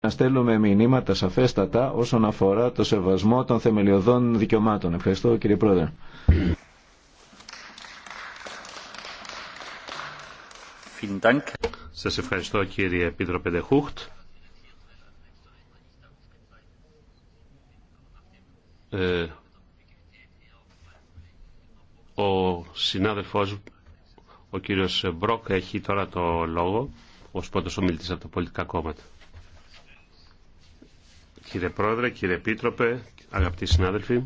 να στέλνουμε μηνύματα σαφέστατα όσον αφορά το σεβασμό των θεμελιωδών δικαιωμάτων. Ευχαριστώ κύριε Πρόεδρε. Σας ευχαριστώ κύριε Επίτροπε Πεντεχούχτ. Ε, ο συνάδελφός ο κύριος Μπρόκ έχει τώρα το λόγο ως πρώτος ομιλητής από τα πολιτικά κόμματα. Κύριε Πρόεδρε, κύριε Επίτροπε, αγαπητοί συνάδελφοι.